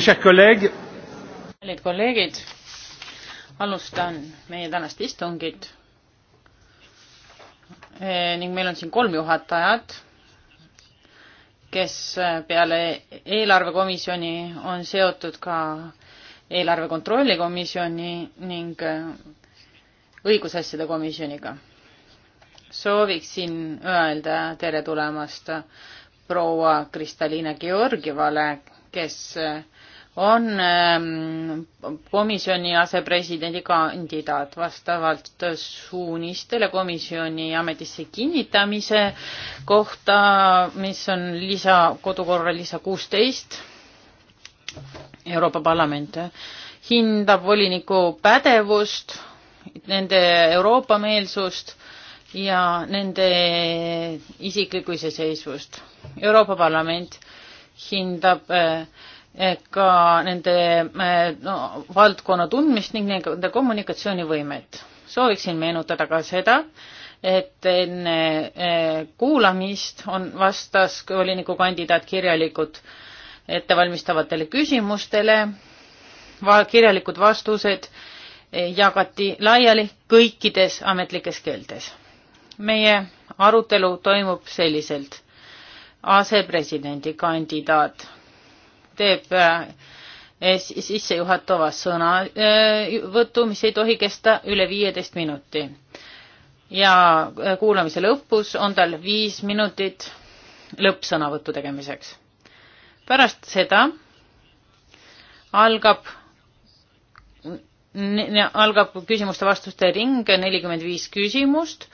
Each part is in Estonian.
kallid kolleegid, alustan meie tänast istungit e. ning meil on siin kolm juhatajat, kes eh, peale eelarvekomisjoni on seotud ka eelarve kontrolli komisjoni ning eh, õigusasjade komisjoniga. sooviksin öelda tere tulemast proua Kristaliina Georgievale, kes eh, on ehm, komisjoni asepresidendi kandidaat vastavalt suunistele komisjoni ametisse kinnitamise kohta, mis on lisa, kodukorra lisa kuusteist. Euroopa Parlament hindab voliniku pädevust, nende Euroopa-meelsust ja nende isiklikku iseseisvust. Euroopa Parlament hindab eh, eh, ka nende eh, no, valdkonna tundmist ning nende kommunikatsioonivõimet. sooviksin meenutada ka seda, et enne kuulamist on, vastas volinikukandidaat kirjalikult ettevalmistavatele küsimustele, kirjalikud vastused jagati laiali kõikides ametlikes keeltes. meie arutelu toimub selliselt asepresidendi kandidaat teeb äh, sissejuhatava sõnavõtu, äh, mis ei tohi kesta üle viieteist minuti. ja äh, kuulamise lõpus on tal viis minutit lõppsõnavõtu tegemiseks. pärast seda algab algab küsimuste-vastuste ring, nelikümmend viis küsimust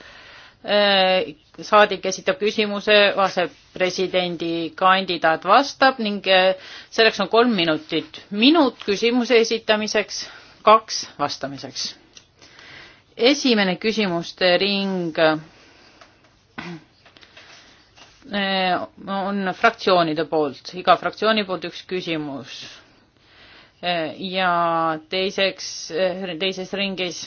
Äh, saadik esitab küsimuse, asepresidendikandidaat vastab ning äh, selleks on kolm minutit. minut küsimuse esitamiseks, kaks vastamiseks. esimene küsimuste ring äh, on fraktsioonide poolt, iga fraktsiooni poolt üks küsimus. ja teiseks, teises ringis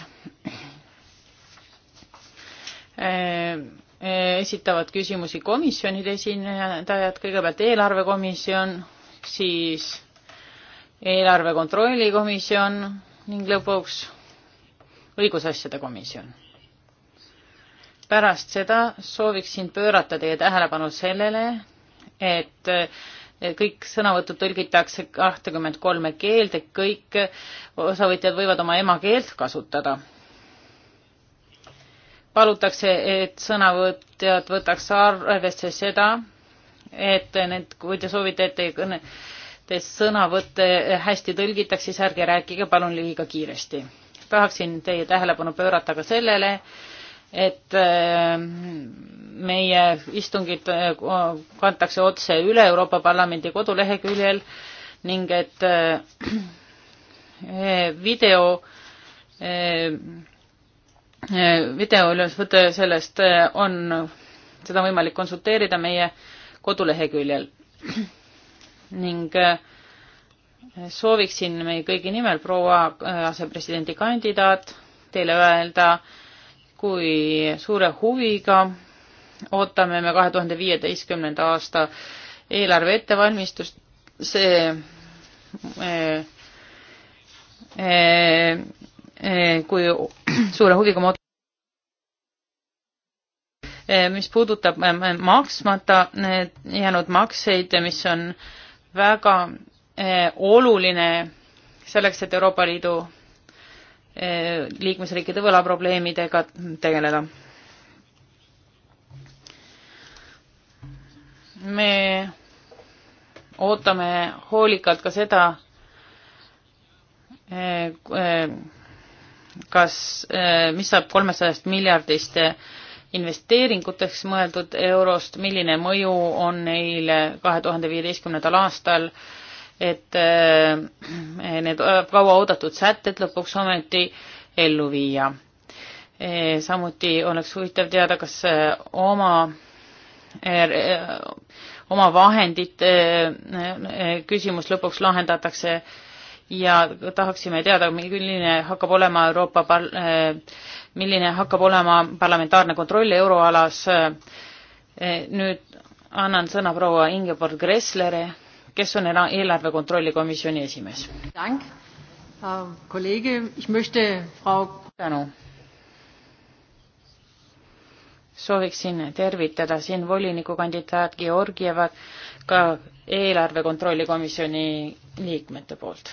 Eh, eh, esitavad küsimusi komisjonide esindajad, kõigepealt eelarvekomisjon, siis eelarve kontrolli komisjon ning lõpuks õigusasjade komisjon. pärast seda sooviksin pöörata teie tähelepanu sellele, et kõik sõnavõtud tõlgitakse kahtekümmet kolme keelde, kõik osavõtjad võivad oma emakeelt kasutada palutakse, et sõnavõtjad võtaks arvesse seda, et need, kui te soovite, et teie kõne, te sõnavõtte hästi tõlgitaks, siis ärge rääkige palun liiga kiiresti. tahaksin teie tähelepanu pöörata ka sellele, et äh, meie istungid äh, kantakse otse üle Euroopa Parlamendi koduleheküljel ning et äh, video Eh, video ülesvõte sellest eh, on, seda on võimalik konsulteerida meie koduleheküljel. ning eh, sooviksin meie kõigi nimel, proua asepresidendi kandidaat, teile öelda, kui suure huviga ootame me kahe tuhande viieteistkümnenda aasta eelarve ettevalmistust, see e, e, e, kui suure huviga ma eh, mis puudutab eh, maksmata eh, jäänud makseid, mis on väga oluline selleks, et Euroopa Liidu liikmesriikide võlaprobleemidega tegeleda. me ootame hoolikalt ka seda, kas, eh, mis saab kolmesajast miljardist eh, investeeringuteks mõeldud eurost, milline mõju on neile kahe tuhande viieteistkümnendal aastal, et eh, need kauaoodatud sätted lõpuks ometi ellu viia. samuti oleks huvitav teada, kas oma, oma vahendite küsimus lõpuks lahendatakse ja tahaksime teada, milline hakkab olema Euroopa par-, äh, milline hakkab olema parlamentaarne kontroll euroalas. Äh, nüüd annan sõna proua Ingeborg Gresslere, kes on eelarve kontrolli komisjoni esimees. tänu. sooviksin tervitada siin volinikukandidaat Georgievat ka eelarve kontrolli komisjoni liikmete poolt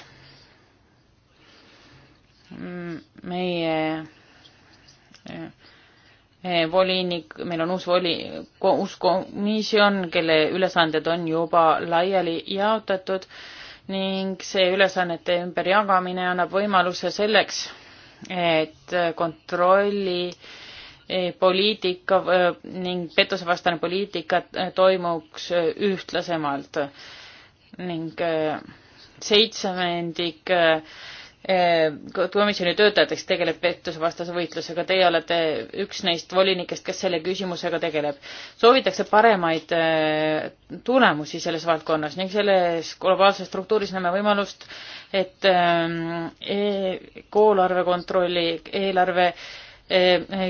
meie eh, eh, volinik, meil on uus voli, uus komisjon, kelle ülesanded on juba laiali jaotatud ning see ülesannete ümberjagamine annab võimaluse selleks, et kontrolli eh, poliitika ning pettusevastane poliitika toimuks ühtlasemalt ning seitsmendik Eh, komisjoni töötajateks tegeleb pettusevastase võitlusega, teie olete üks neist volinikest, kes selle küsimusega tegeleb. soovitakse paremaid eh, tulemusi selles valdkonnas ning selles globaalses struktuuris näeme võimalust, et eh, e-, koolarve kontrolli, eelarve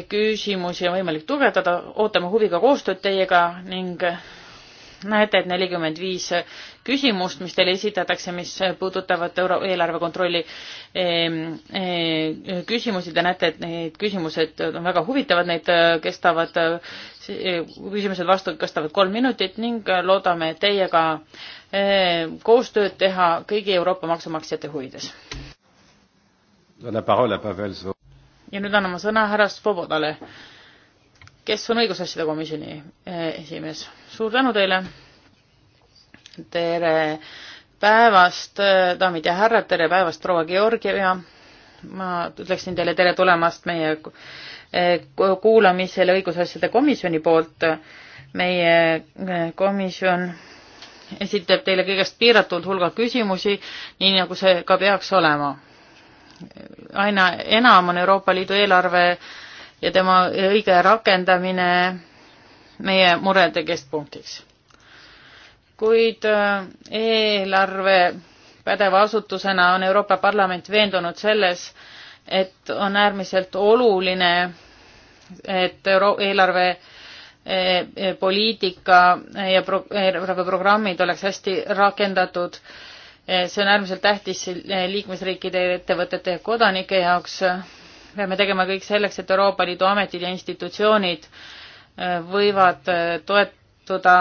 küsimusi on võimalik tugevdada, ootame huviga koostööd teiega ning näete, et nelikümmend viis küsimust, mis teile esitatakse, mis puudutavad euro, eelarve kontrolli e, e, küsimusi, te näete, et need küsimused on väga huvitavad, need kestavad, küsimused-vastused kestavad kolm minutit ning loodame teiega e, koostööd teha kõigi Euroopa maksumaksjate huvides. ja nüüd anname sõna härra Svobodale kes on õigusasjade komisjoni eh, esimees. suur tänu teile. tere päevast, eh, daamid ja härrad, tere päevast, proua Georgieva. ma ütleksin teile tere tulemast meie eh, kuulamisele õigusasjade komisjoni poolt. meie komisjon esitab teile kõigest piiratud hulga küsimusi, nii nagu see ka peaks olema. aina enam on Euroopa Liidu eelarve ja tema õige rakendamine meie murede keskpunktiks. kuid äh, eelarve pädeva asutusena on Euroopa Parlament veendunud selles, et on äärmiselt oluline, et euro-, eelarve äh, äh, poliitika ja pro-, eelarveprogrammid oleks hästi rakendatud. see on äärmiselt tähtis liikmesriikide ettevõtete ja kodanike jaoks peame tegema kõik selleks, et Euroopa Liidu ametid ja institutsioonid äh, võivad äh, toetuda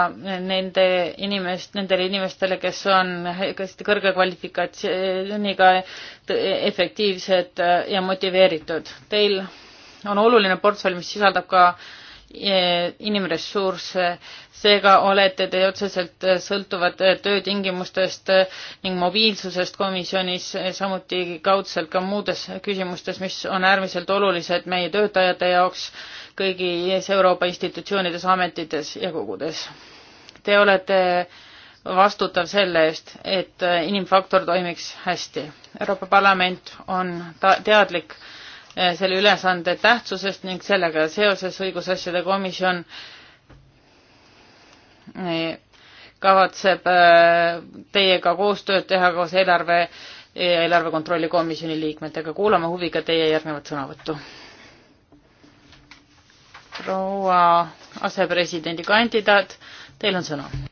nende inimest, nendele inimestele, kes on hästi kõrge kvalifikatsiooniga efektiivsed äh, ja motiveeritud. Teil on oluline portfell, mis sisaldab ka äh, Eh, inimressursse, seega olete te otseselt eh, sõltuvad eh, töötingimustest ning mobiilsusest komisjonis, samuti kaudselt ka muudes küsimustes, mis on äärmiselt olulised meie töötajate jaoks kõigis Euroopa institutsioonides, ametites ja kogudes. Te olete vastutav selle eest, et inimfaktor toimiks hästi. Euroopa Parlament on ta-, teadlik Eh, selle ülesande tähtsusest ning sellega seoses õigusasjade komisjon eh, kavatseb eh, teiega koostööd teha koos eelarve, eelarve kontrolli komisjoni liikmetega. kuulame huviga teie järgnevat sõnavõttu. proua asepresidendi kandidaat, teil on sõna